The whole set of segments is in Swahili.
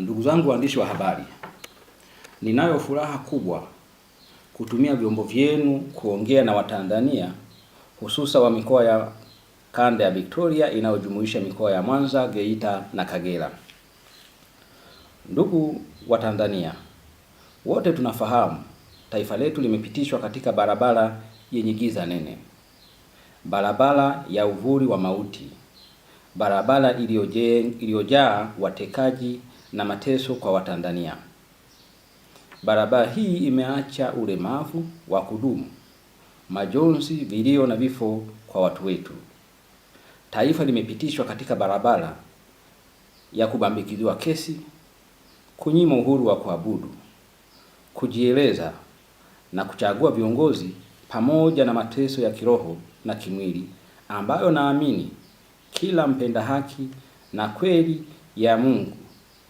Ndugu zangu waandishi wa habari, ninayo furaha kubwa kutumia vyombo vyenu kuongea na Watanzania hususa wa mikoa ya kanda ya Victoria inayojumuisha mikoa ya Mwanza, Geita na Kagera. Ndugu Watanzania, wote tunafahamu taifa letu limepitishwa katika barabara yenye giza nene, barabara ya uvuli wa mauti, barabara iliyojaa watekaji na mateso kwa Watanzania. Barabara hii imeacha ulemavu wa kudumu, majonzi, vilio na vifo kwa watu wetu. Taifa limepitishwa katika barabara ya kubambikiziwa kesi, kunyima uhuru wa kuabudu, kujieleza na kuchagua viongozi, pamoja na mateso ya kiroho na kimwili ambayo naamini kila mpenda haki na kweli ya Mungu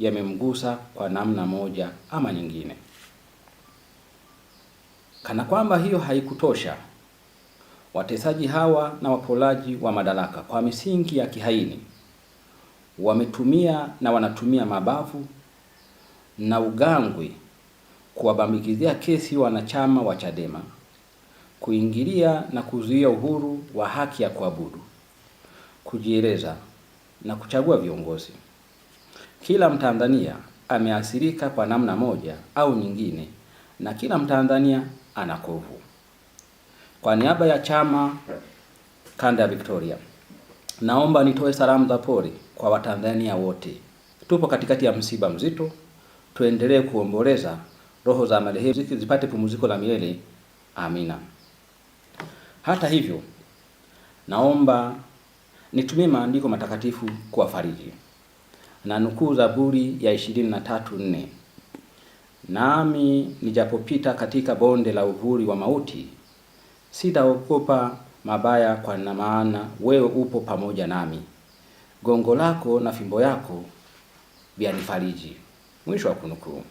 yamemgusa kwa namna moja ama nyingine. Kana kwamba hiyo haikutosha, watesaji hawa na wapolaji wa madaraka kwa misingi ya kihaini wametumia na wanatumia mabavu na ugangwe kuwabambikizia kesi wanachama wa Chadema, kuingilia na kuzuia uhuru wa haki ya kuabudu, kujieleza na kuchagua viongozi. Kila Mtanzania ameathirika kwa namna moja au nyingine, na kila Mtanzania ana kovu. Kwa niaba ya chama kanda ya Victoria, naomba nitoe salamu za pole kwa Watanzania wote. Tupo katikati ya msiba mzito, tuendelee kuomboleza, roho za marehemu zipate pumziko la milele. Amina. Hata hivyo, naomba nitumie maandiko matakatifu kuwafariji na nukuu Zaburi ya 23:4, nami nijapopita katika bonde la uvuli wa mauti, sitaogopa mabaya, kwa na maana wewe upo pamoja nami, gongo lako na fimbo yako vyanifariji. Mwisho wa kunukuu.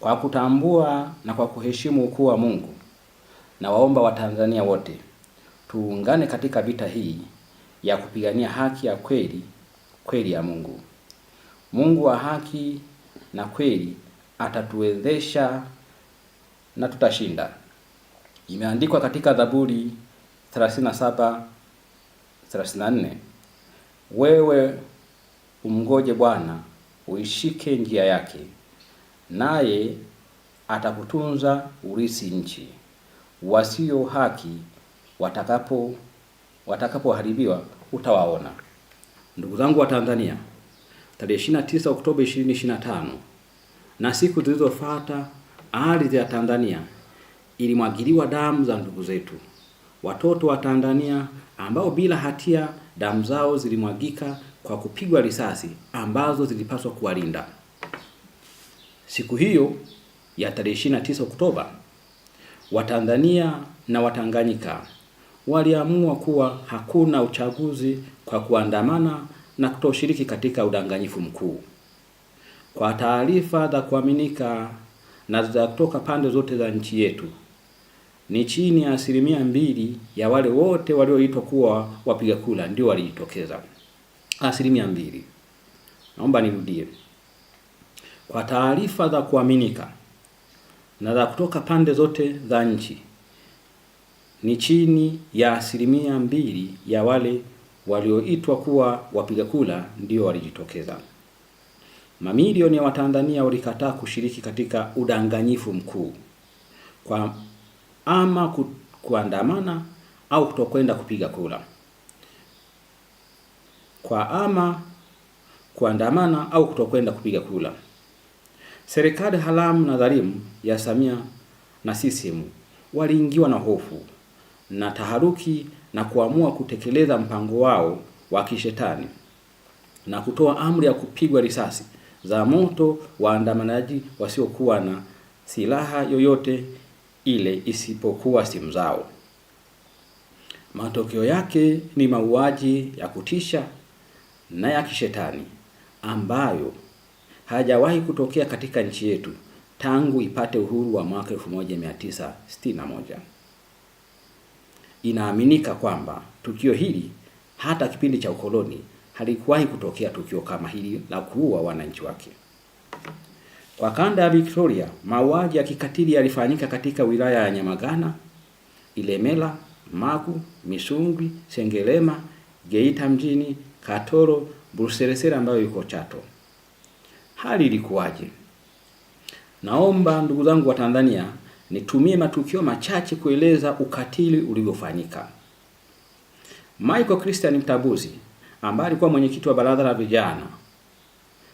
Kwa kutambua na kwa kuheshimu ukuu wa Mungu, na waomba Watanzania wote tuungane katika vita hii ya kupigania haki ya kweli kweli ya Mungu. Mungu wa haki na kweli atatuwezesha na tutashinda. Imeandikwa katika Zaburi 37 34, wewe umngoje Bwana uishike njia yake, naye atakutunza urisi nchi. Wasio haki watakapo watakapoharibiwa utawaona. Ndugu zangu wa Tanzania tarehe 29 Oktoba 2025 na siku zilizofuata, ardhi ya Tanzania ilimwagiliwa damu za ndugu zetu, watoto wa Tanzania ambao bila hatia damu zao zilimwagika kwa kupigwa risasi ambazo zilipaswa kuwalinda. Siku hiyo ya tarehe 29 Oktoba, Watanzania na Watanganyika waliamua kuwa hakuna uchaguzi kwa kuandamana na kutoshiriki katika udanganyifu mkuu. Kwa taarifa za kuaminika na za kutoka pande zote za nchi yetu, ni chini ya asilimia mbili ya wale wote walioitwa kuwa wapiga kura ndio walijitokeza, asilimia mbili. Naomba nirudie, kwa taarifa za kuaminika na za kutoka pande zote za nchi, ni chini ya asilimia mbili ya wale walioitwa kuwa wapiga kura ndio walijitokeza. Mamilioni ya Watanzania walikataa kushiriki katika udanganyifu mkuu kwa ama kuandamana au kutokwenda kupiga kura, kwa ama kuandamana au kutokwenda kupiga kura. Serikali haramu na dhalimu ya Samia na CCM waliingiwa na hofu na taharuki na kuamua kutekeleza mpango wao wa kishetani na kutoa amri ya kupigwa risasi za moto waandamanaji wasiokuwa na silaha yoyote ile isipokuwa simu zao. Matokeo yake ni mauaji ya kutisha na ya kishetani ambayo hajawahi kutokea katika nchi yetu tangu ipate uhuru wa mwaka 1961. Inaaminika kwamba tukio hili hata kipindi cha ukoloni halikuwahi kutokea tukio kama hili la kuua wananchi wake. Kwa kanda ya Victoria, mauaji ya kikatili yalifanyika katika wilaya ya Nyamagana, Ilemela, Magu, Misungwi, Sengerema, Geita mjini, Katoro, Buserere ambayo yuko Chato. Hali ilikuwaje? Naomba ndugu zangu wa Tanzania nitumie matukio machache kueleza ukatili ulivyofanyika. Michael Christian mtabuzi ambaye alikuwa mwenyekiti wa baraza la vijana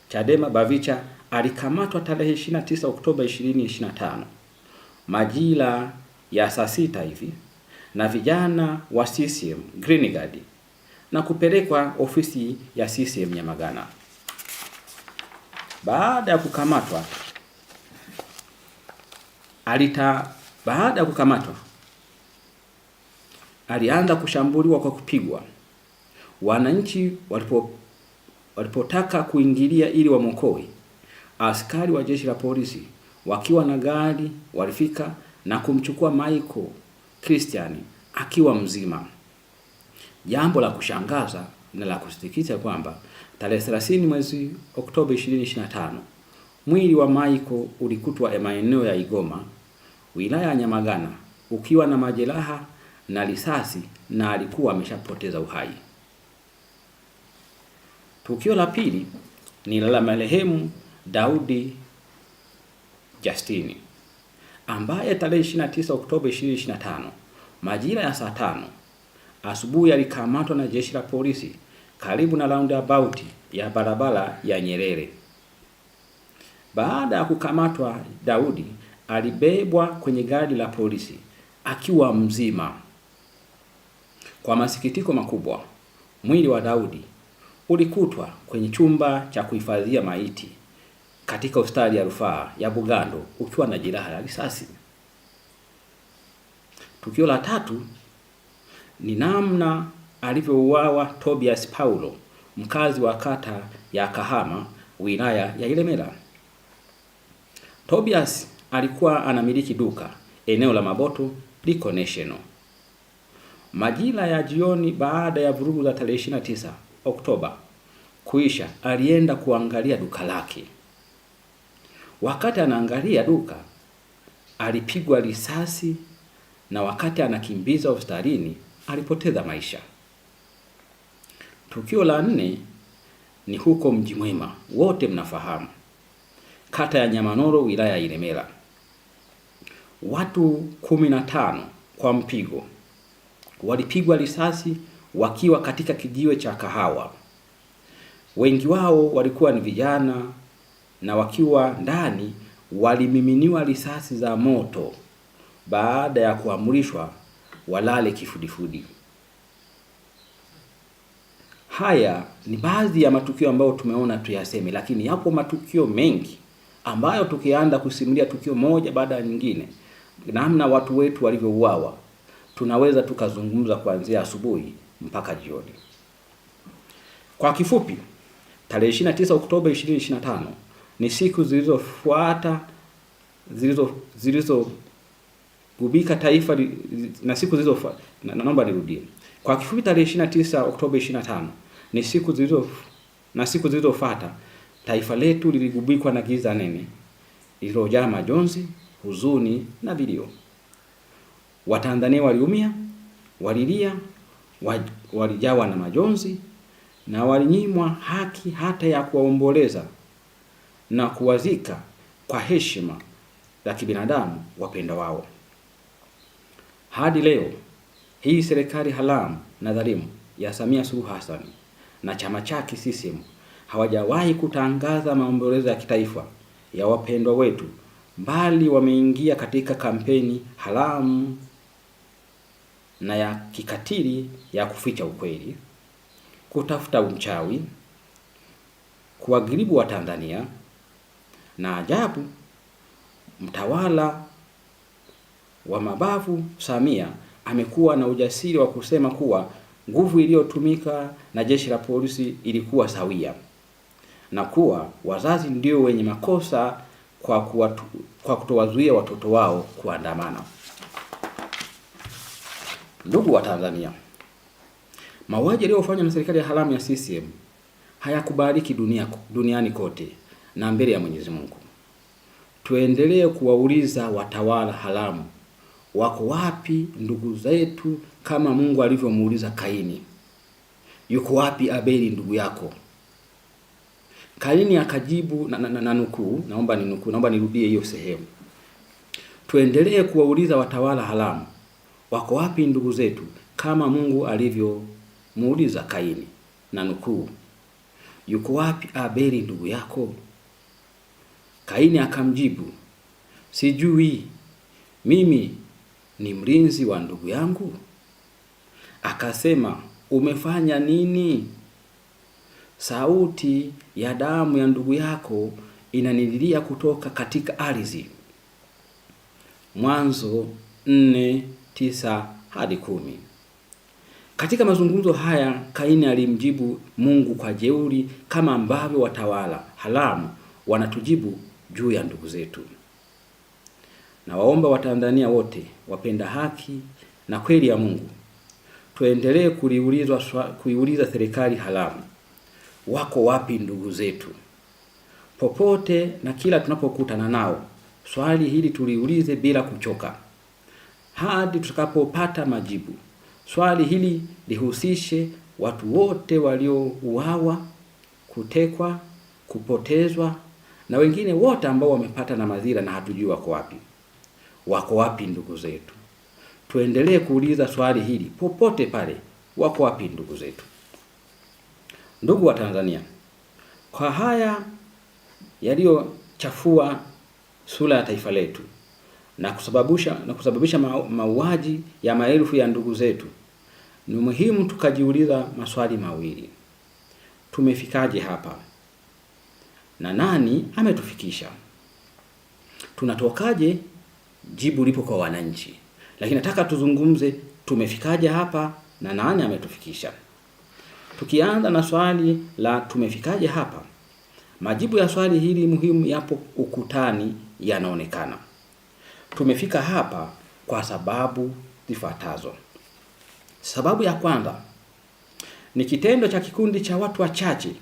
Chadema Bavicha alikamatwa tarehe 29 Oktoba 2025 majira ya saa sita hivi na vijana wa CCM Green Guard na kupelekwa ofisi ya CCM Nyamagana. Baada ya kukamatwa alita baada ya kukamatwa alianza kushambuliwa kwa kupigwa. Wananchi walipo walipotaka kuingilia ili wamwokoe, askari wa jeshi la polisi wakiwa na gari walifika na kumchukua Michael Christian akiwa mzima. Jambo la kushangaza na la kusikitisha kwamba tarehe 30 mwezi Oktoba 2025 mwili wa Michael ulikutwa maeneo ya Igoma wilaya ya Nyamagana ukiwa na majeraha na risasi na alikuwa ameshapoteza uhai. Tukio la pili ni la marehemu Daudi Justini ambaye tarehe 29 Oktoba 2025 majira ya saa tano asubuhi alikamatwa na jeshi la polisi karibu na roundabout ya barabara ya Nyerere. Baada ya kukamatwa, Daudi alibebwa kwenye gari la polisi akiwa mzima. Kwa masikitiko makubwa, mwili wa Daudi ulikutwa kwenye chumba cha kuhifadhia maiti katika hospitali ya rufaa ya Bugando ukiwa na jeraha la risasi. Tukio la tatu ni namna alivyouawa Tobias Paulo, mkazi wa kata ya Kahama, wilaya ya Ilemela. Tobias alikuwa anamiliki duka eneo la Maboto liko National. Majira ya jioni baada ya vurugu za tarehe 29 Oktoba kuisha, alienda kuangalia duka lake. Wakati anaangalia duka alipigwa risasi, na wakati anakimbiza hospitalini alipoteza maisha. Tukio la nne ni huko Mji Mwema, wote mnafahamu, kata ya Nyamanoro, wilaya ya Ilemela watu kumi na tano kwa mpigo walipigwa risasi wakiwa katika kijiwe cha kahawa. Wengi wao walikuwa ni vijana, na wakiwa ndani walimiminiwa risasi za moto baada ya kuamrishwa walale kifudifudi. Haya ni baadhi ya matukio ambayo tumeona tuyaseme, lakini yapo matukio mengi ambayo tukianza kusimulia tukio moja baada ya nyingine namna watu wetu walivyouawa, tunaweza tukazungumza kuanzia asubuhi mpaka jioni. Kwa kifupi, tarehe 29 Oktoba 2025 ni siku zilizofuata zilizo zilizogubika taifa na siku zilizofuata. Naomba nirudie. Kwa kifupi, tarehe 29 Oktoba 25 ni siku zilizo na siku zilizofuata taifa letu liligubikwa na giza nene lililojaa majonzi huzuni na vilio. Watanzania waliumia, walilia, walijawa na majonzi na walinyimwa haki hata ya kuwaomboleza na kuwazika kwa heshima za kibinadamu wapenda wao. Hadi leo hii serikali haramu na dhalimu ya Samia Suluhu Hassan na chama chake CCM hawajawahi kutangaza maombolezo ya kitaifa ya wapendwa wetu bali wameingia katika kampeni haramu na ya kikatili ya kuficha ukweli, kutafuta uchawi, wa tanzania Na ajabu, mtawala wa mabavu Samia amekuwa na ujasiri wa kusema kuwa nguvu iliyotumika na jeshi la polisi ilikuwa sawia na kuwa wazazi ndio wenye makosa kwa, kwa kutowazuia watoto wao kuandamana. Ndugu wa Tanzania, mauaji yaliyofanywa na serikali ya haramu ya CCM hayakubaliki dunia, duniani kote na mbele ya Mwenyezi Mungu. Tuendelee kuwauliza watawala haramu wako wapi ndugu zetu, kama Mungu alivyomuuliza Kaini, yuko wapi Abeli ndugu yako? Kaini akajibu na, na, na, na nukuu, naomba ni nukuu, naomba nirudie hiyo sehemu. Tuendelee kuwauliza watawala haramu, wako wapi ndugu zetu, kama Mungu alivyomuuliza Kaini, na nukuu, yuko wapi Abeli ndugu yako? Kaini akamjibu, sijui, mimi ni mlinzi wa ndugu yangu. Akasema, umefanya nini? sauti ya damu ya ndugu yako inanililia kutoka katika ardhi. Mwanzo nne tisa hadi kumi. Katika mazungumzo haya Kaini alimjibu Mungu kwa jeuri, kama ambavyo watawala haramu wanatujibu juu ya ndugu zetu. Na waomba Watanzania wote wapenda haki na kweli ya Mungu tuendelee kuiuliza serikali haramu wako wapi ndugu zetu? Popote na kila tunapokutana nao, swali hili tuliulize bila kuchoka hadi tutakapopata majibu. Swali hili lihusishe watu wote waliouawa, kutekwa, kupotezwa na wengine wote ambao wamepata na madhira na hatujui wako wapi. Wako wapi ndugu zetu? Tuendelee kuuliza swali hili popote pale, wako wapi ndugu zetu? Ndugu wa Tanzania, kwa haya yaliyochafua sura ya taifa letu na kusababisha na kusababisha mauaji ya maelfu ya ndugu zetu, ni muhimu tukajiuliza maswali mawili: tumefikaje hapa na nani ametufikisha? Tunatokaje? Jibu lipo kwa wananchi, lakini nataka tuzungumze, tumefikaje hapa na nani ametufikisha? Tukianza na swali la tumefikaje hapa, majibu ya swali hili muhimu yapo ukutani, yanaonekana. Tumefika hapa kwa sababu zifuatazo. Sababu ya kwanza ni kitendo cha kikundi cha watu wachache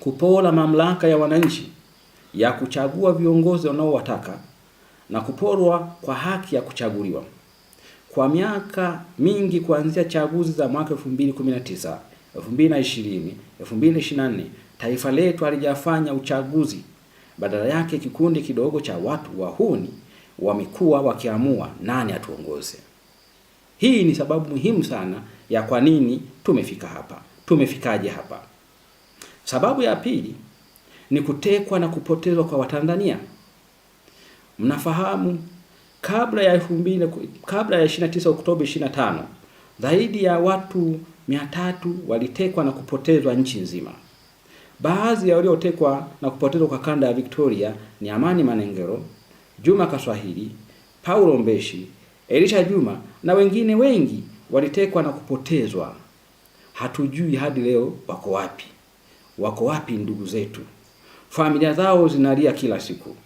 kupola mamlaka ya wananchi ya kuchagua viongozi wanaowataka na kuporwa kwa haki ya kuchaguliwa. Kwa miaka mingi kuanzia chaguzi za mwaka 2020, 2024 taifa letu halijafanya uchaguzi. Badala yake kikundi kidogo cha watu wahuni wamekuwa wakiamua nani atuongoze. Hii ni sababu muhimu sana ya kwa nini tumefika hapa. Tumefikaje hapa? Sababu ya pili ni kutekwa na kupotezwa kwa Watanzania. Mnafahamu kabla ya 2000 kabla ya 29 Oktoba 25 zaidi ya watu mia tatu walitekwa na kupotezwa nchi nzima. Baadhi ya waliotekwa na kupotezwa kwa kanda ya Victoria ni Amani Manengero, Juma Kaswahili, Paulo Mbeshi, Elisha Juma na wengine wengi walitekwa na kupotezwa. Hatujui hadi leo wako wapi. Wako wapi ndugu zetu? Familia zao zinalia kila siku.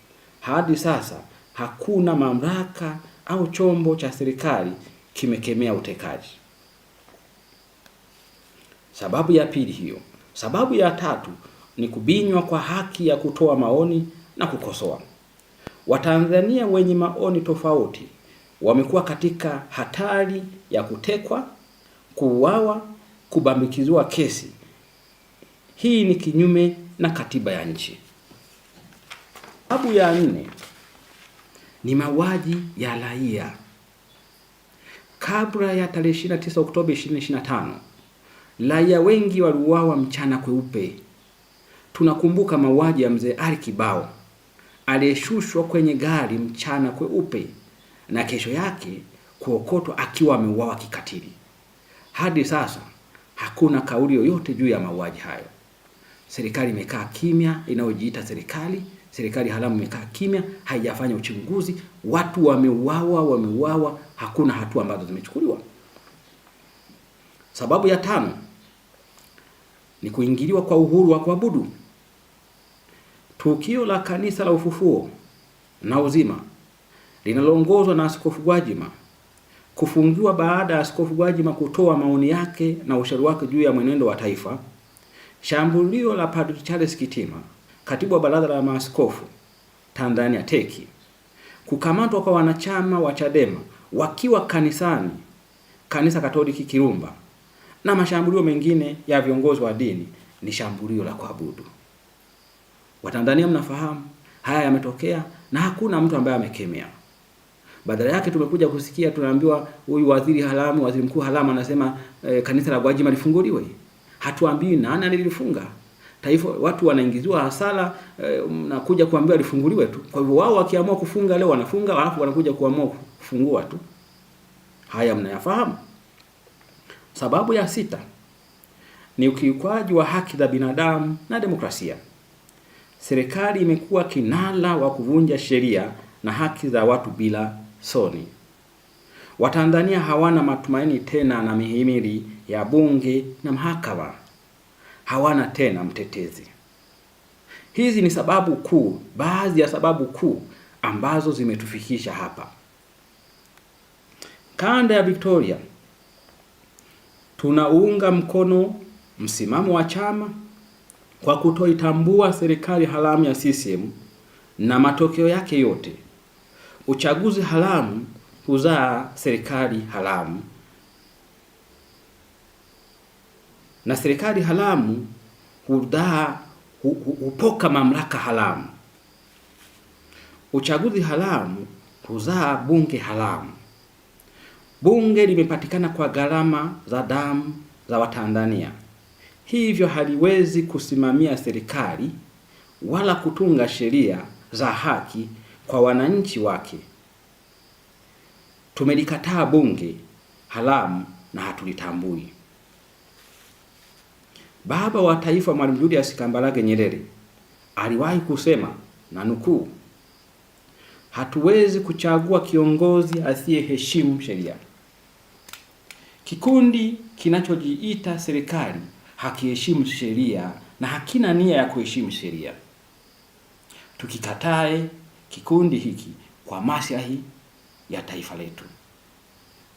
Hadi sasa hakuna mamlaka au chombo cha serikali kimekemea utekaji. Sababu ya pili hiyo. Sababu ya tatu ni kubinywa kwa haki ya kutoa maoni na kukosoa. Watanzania wenye maoni tofauti wamekuwa katika hatari ya kutekwa, kuuawa, kubambikiziwa kesi. Hii ni kinyume na katiba ya nchi. Sababu ya nne ni mauaji ya raia. Kabla ya tarehe 29 Oktoba Raia wengi waliuawa mchana kweupe. Tunakumbuka mauaji ya mzee Ali Kibao aliyeshushwa kwenye gari mchana kweupe na kesho yake kuokotwa akiwa ameuawa kikatili. Hadi sasa hakuna kauli yoyote juu ya mauaji hayo. Serikali imekaa kimya, inayojiita serikali serikali haramu imekaa kimya, haijafanya uchunguzi. Watu wameuawa, wameuawa, hakuna hatua ambazo zimechukuliwa. Sababu ya tano ni kuingiliwa kwa uhuru wa kuabudu. Tukio la kanisa la ufufuo na uzima linaloongozwa na Askofu Gwajima kufungiwa baada ya Askofu Gwajima kutoa maoni yake na ushauri wake juu ya mwenendo wa taifa, shambulio la Padre Charles Kitima, katibu wa baraza la maaskofu Tanzania teki kukamatwa kwa wanachama wa Chadema wakiwa kanisani, kanisa Katoliki Kirumba na mashambulio mengine ya viongozi wa dini ni shambulio la kuabudu. Watanzania mnafahamu haya yametokea na hakuna mtu ambaye amekemea. Badala yake tumekuja kusikia tunaambiwa, huyu waziri haramu, waziri mkuu haramu anasema e, kanisa la Gwajima lifunguliwe. Hatuambii nani alilifunga taifa. Watu wanaingiziwa hasara e, na kuja kuambiwa lifunguliwe tu. Kwa hivyo wao wakiamua kufunga leo wanafunga, alafu wanakuja kuamua kufungua tu. Haya mnayafahamu. Sababu ya sita ni ukiukwaji wa haki za binadamu na demokrasia. Serikali imekuwa kinara wa kuvunja sheria na haki za watu bila soni. Watanzania hawana matumaini tena na mihimili ya bunge na mahakama, hawana tena mtetezi. Hizi ni sababu kuu, baadhi ya sababu kuu ambazo zimetufikisha hapa. Kanda ya Victoria tunaunga mkono msimamo wa chama kwa kutoitambua serikali haramu ya CCM na matokeo yake yote. Uchaguzi haramu huzaa serikali haramu na serikali haramu hudhaa hupoka mamlaka haramu. Uchaguzi haramu huzaa bunge haramu bunge limepatikana kwa gharama za damu za Watanzania, hivyo haliwezi kusimamia serikali wala kutunga sheria za haki kwa wananchi wake. Tumelikataa bunge haramu na hatulitambui. Baba wa Taifa Mwalimu Julius Kambarage Nyerere aliwahi kusema na nukuu, hatuwezi kuchagua kiongozi asiyeheshimu sheria. Kikundi kinachojiita serikali hakiheshimu sheria na hakina nia ya kuheshimu sheria. Tukikatae kikundi hiki kwa maslahi ya taifa letu.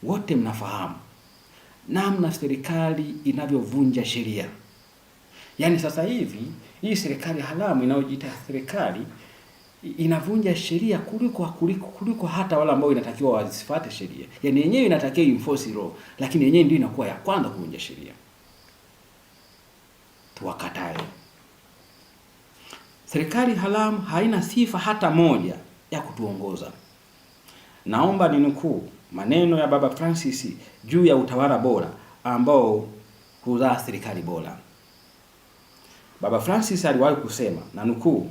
Wote mnafahamu namna serikali inavyovunja sheria. Yaani sasa hivi hii serikali haramu inayojiita serikali inavunja sheria kuliko kuliko kuliko hata wale ambao inatakiwa wazifuate sheria. Yaani yenyewe inatakiwa enforce law, lakini yenyewe ndio inakuwa ya kwanza kuvunja sheria. Tuwakatae. Serikali haramu haina sifa hata moja ya kutuongoza. Naomba ninukuu maneno ya Baba Francis juu ya utawala bora ambao huzaa serikali bora. Baba Francis aliwahi kusema na nukuu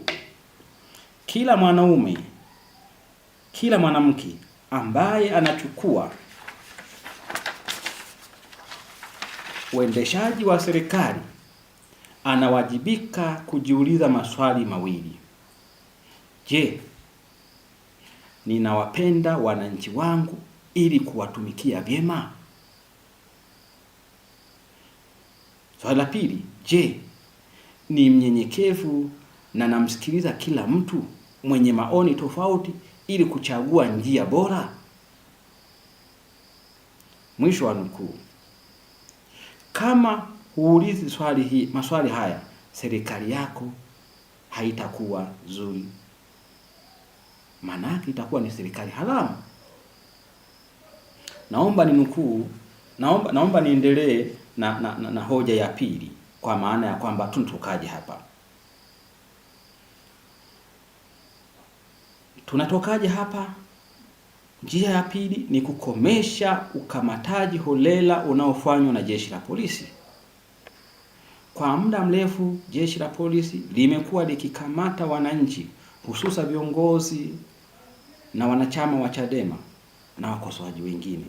kila mwanaume, kila mwanamke ambaye anachukua uendeshaji wa serikali anawajibika kujiuliza maswali mawili. Je, ninawapenda wananchi wangu ili kuwatumikia vyema? Swali la pili, je, ni mnyenyekevu na namsikiliza kila mtu? mwenye maoni tofauti ili kuchagua njia bora. Mwisho wa nukuu. Kama huulizi swali hii, maswali haya, serikali yako haitakuwa nzuri, maanake itakuwa ni serikali haramu. Naomba ni nukuu, naomba, naomba niendelee na, na, na, na hoja ya pili, kwa maana ya kwamba tunatokaje hapa. tunatokaje hapa? Njia ya pili ni kukomesha ukamataji holela unaofanywa na jeshi la polisi. Kwa muda mrefu jeshi la polisi limekuwa likikamata wananchi, hususa viongozi na wanachama wa Chadema na wakosoaji wengine.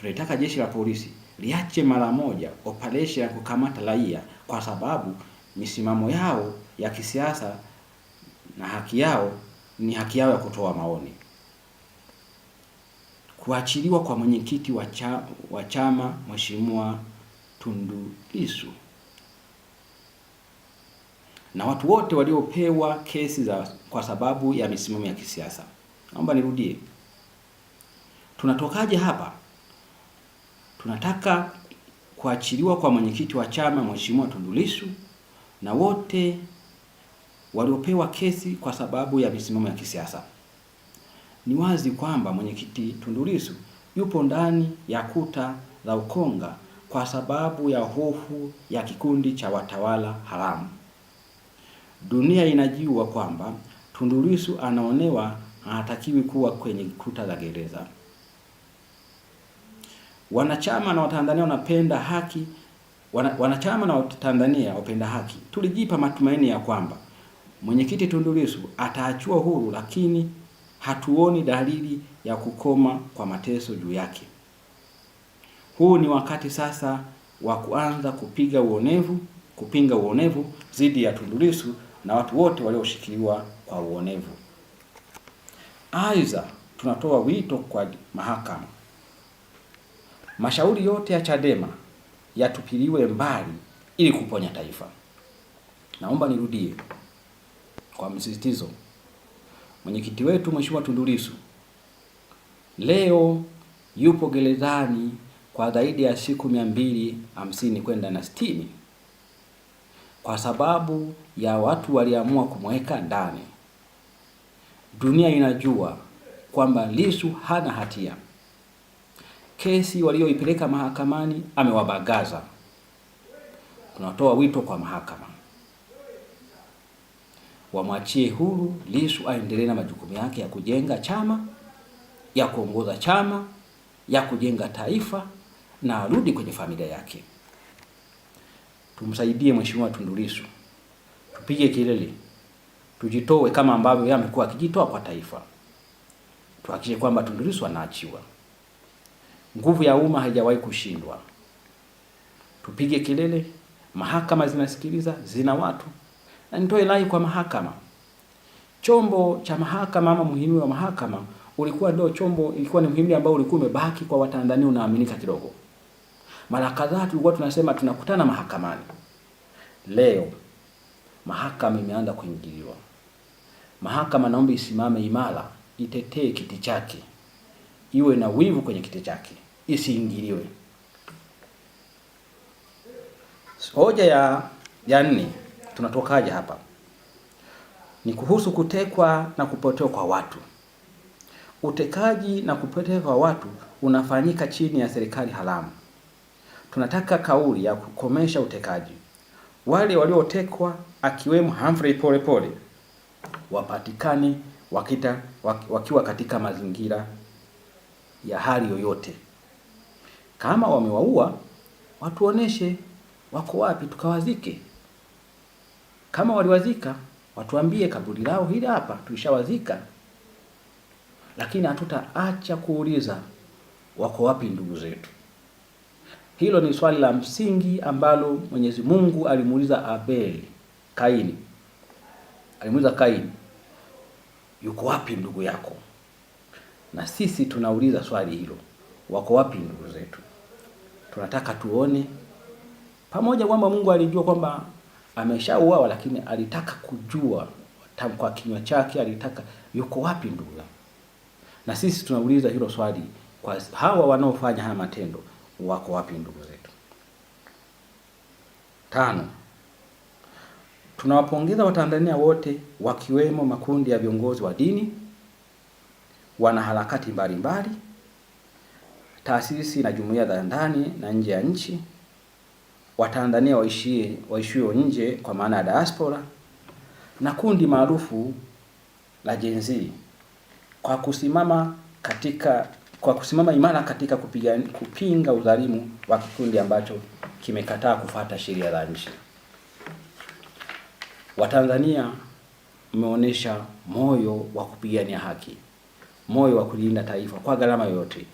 Tunataka jeshi la polisi liache mara moja operation ya kukamata raia, kwa sababu misimamo yao ya kisiasa na haki yao ni haki yao ya kutoa maoni. Kuachiliwa kwa mwenyekiti wa chama Mheshimiwa Tundu Lissu na watu wote waliopewa kesi za kwa sababu ya misimamo ya kisiasa. Naomba nirudie, tunatokaje hapa? Tunataka kuachiliwa kwa mwenyekiti wa chama Mheshimiwa Tundu Lissu na wote waliopewa kesi kwa sababu ya misimamo ya kisiasa. Ni wazi kwamba mwenyekiti Tundu Lissu yupo ndani ya kuta za Ukonga kwa sababu ya hofu ya kikundi cha watawala haramu. Dunia inajua kwamba Tundu Lissu anaonewa, hatakiwi kuwa kwenye kuta za gereza. Wanachama na Watanzania wanapenda haki, wanachama na Watanzania wapenda haki, tulijipa matumaini ya kwamba mwenyekiti Tundu Lissu ataachiwa huru, lakini hatuoni dalili ya kukoma kwa mateso juu yake. Huu ni wakati sasa wa kuanza kupiga uonevu, kupinga uonevu dhidi ya Tundu Lissu na watu wote walioshikiliwa kwa uonevu. Aidha, tunatoa wito kwa mahakama, mashauri yote ya Chadema yatupiliwe mbali ili kuponya taifa. Naomba nirudie kwa msisitizo, mwenyekiti wetu Mheshimiwa Tundu Lissu leo yupo gerezani kwa zaidi ya siku mia mbili hamsini kwenda na sitini kwa sababu ya watu waliamua kumweka ndani. Dunia inajua kwamba Lissu hana hatia. Kesi walioipeleka mahakamani amewabagaza. Tunatoa wito kwa mahakama wamwachie huru Lissu aendelee na majukumu yake ya kujenga chama, ya kuongoza chama, ya kujenga taifa na arudi kwenye familia yake. Tumsaidie Mheshimiwa Tundu Lissu, tupige kelele, tujitoe kama ambavyo yeye amekuwa akijitoa kwa taifa. Tuhakikishe kwamba Tundu Lissu anaachiwa. Nguvu ya umma haijawahi kushindwa. Tupige kelele, mahakama zinasikiliza, zina watu na nitoe rai kwa mahakama. Chombo cha mahakama ama muhimili wa mahakama ulikuwa ndio chombo, ilikuwa ni muhimili ambao ulikuwa umebaki kwa Watanzania, unaaminika kidogo. Mara kadhaa tulikuwa tunasema tunakutana mahakamani. Leo mahakama imeanza kuingiliwa. Mahakama naomba isimame imara, itetee kiti chake, iwe na wivu kwenye kiti chake, isiingiliwe. Hoja ya ya nne tunatokaje hapa? Ni kuhusu kutekwa na kupotea kwa watu. Utekaji na kupotea kwa watu unafanyika chini ya serikali haramu. Tunataka kauli ya kukomesha utekaji. Wale waliotekwa akiwemo Humphrey Polepole wapatikane wakita, wakiwa katika mazingira ya hali yoyote. Kama wamewaua watuoneshe wako wapi, tukawazike. Kama waliwazika watuambie kaburi lao hili hapa, tulishawazika. Lakini hatutaacha kuuliza wako wapi ndugu zetu. Hilo ni swali la msingi ambalo Mwenyezi Mungu alimuuliza Abeli, Kaini, alimuuliza Kaini, yuko wapi ndugu yako? Na sisi tunauliza swali hilo, wako wapi ndugu zetu? Tunataka tuone pamoja kwamba Mungu alijua kwamba ameshauawa, lakini alitaka kujua kwa kinywa chake, alitaka yuko wapi ndugu zangu. Na sisi tunauliza hilo swali kwa hawa wanaofanya haya matendo, wako wapi ndugu zetu? Tano, tunawapongeza Watanzania wote wakiwemo makundi ya viongozi wa dini, wanaharakati mbalimbali, taasisi na jumuiya za ndani na nje ya nchi Watanzania waishie waishio nje kwa maana ya diaspora na kundi maarufu la Gen Z kwa kusimama katika kwa kusimama imara katika kupiga, kupinga udhalimu wa kikundi ambacho kimekataa kufata sheria za nchi. Watanzania mmeonyesha moyo wa kupigania haki, moyo wa kulinda taifa kwa gharama yoyote.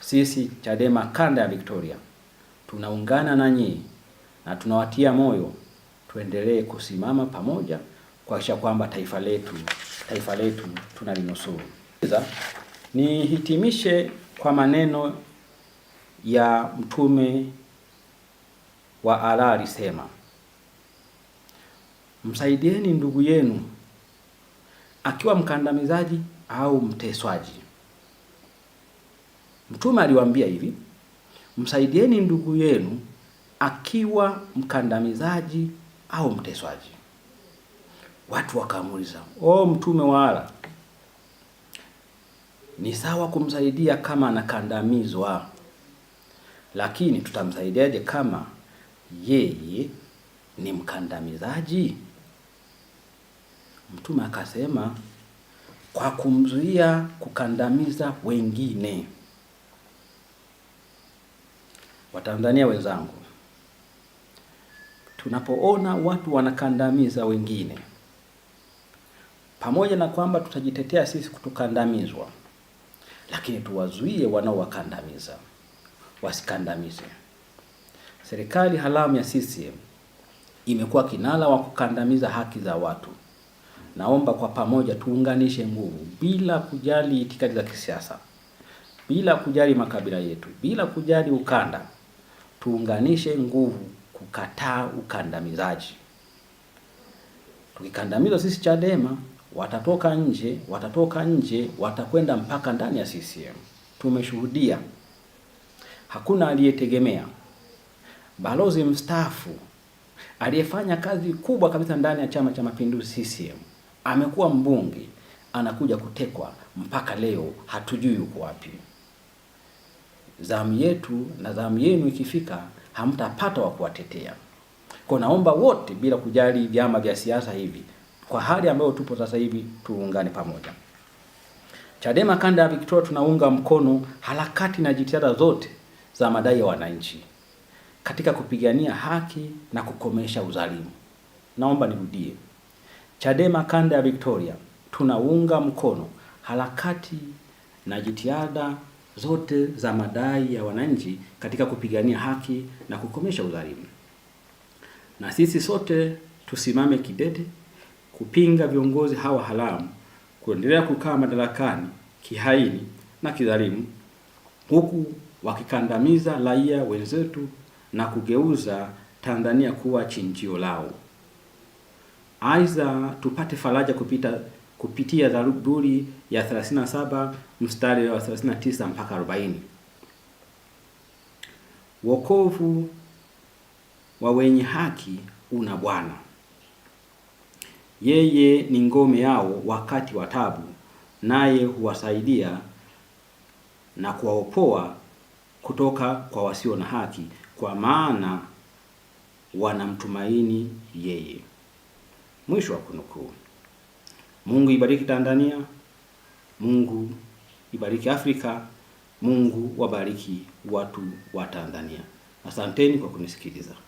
Sisi Chadema kanda ya Victoria tunaungana nanyi na tunawatia moyo tuendelee kusimama pamoja kuhakikisha kwamba taifa letu taifa letu tunalinusuru. Nihitimishe kwa maneno ya mtume wa Allah alisema, msaidieni ndugu yenu akiwa mkandamizaji au mteswaji. Mtume aliwaambia hivi msaidieni ndugu yenu akiwa mkandamizaji au mteswaji. Watu wakamuuliza, o mtume waala, ni sawa kumsaidia kama anakandamizwa, lakini tutamsaidiaje kama yeye ni mkandamizaji? Mtume akasema kwa kumzuia kukandamiza wengine. Watanzania wenzangu, tunapoona watu wanakandamiza wengine, pamoja na kwamba tutajitetea sisi kutokandamizwa, lakini tuwazuie wanaowakandamiza wasikandamize. Serikali haramu ya CCM imekuwa kinara wa kukandamiza haki za watu. Naomba kwa pamoja tuunganishe nguvu, bila kujali itikadi za kisiasa, bila kujali makabila yetu, bila kujali ukanda tuunganishe nguvu kukataa ukandamizaji. Tukikandamizwa sisi Chadema, watatoka nje, watatoka nje, watakwenda mpaka ndani ya CCM. Tumeshuhudia, hakuna aliyetegemea balozi mstaafu aliyefanya kazi kubwa kabisa ndani ya Chama cha Mapinduzi CCM, amekuwa mbunge, anakuja kutekwa, mpaka leo hatujui yuko wapi zamu yetu na zamu yenu ikifika, hamtapata wa kuwatetea. Kwa naomba wote bila kujali vyama vya siasa hivi, kwa hali ambayo tupo sasa hivi, tuungane pamoja. Chadema kanda ya Victoria tunaunga mkono harakati na jitihada zote za madai ya wananchi katika kupigania haki na kukomesha udhalimu. Naomba nirudie, Chadema kanda ya Victoria tunaunga mkono harakati na jitihada zote za madai ya wananchi katika kupigania haki na kukomesha udhalimu. Na sisi sote tusimame kidete kupinga viongozi hawa haramu kuendelea kukaa madarakani kihaini na kidhalimu, huku wakikandamiza raia wenzetu na kugeuza Tanzania kuwa chinjio lao. Aidha, tupate faraja kupita kupitia Zaburi ya 37 mstari wa 39 mpaka 40. Wokovu wa wenye haki una Bwana, yeye ni ngome yao wakati wa tabu, naye huwasaidia na kuwaopoa kutoka kwa wasio na haki, kwa maana wanamtumaini yeye. Mwisho wa kunukuu. Mungu ibariki Tanzania, Mungu ibariki Afrika, Mungu wabariki watu wa Tanzania. Asanteni kwa kunisikiliza.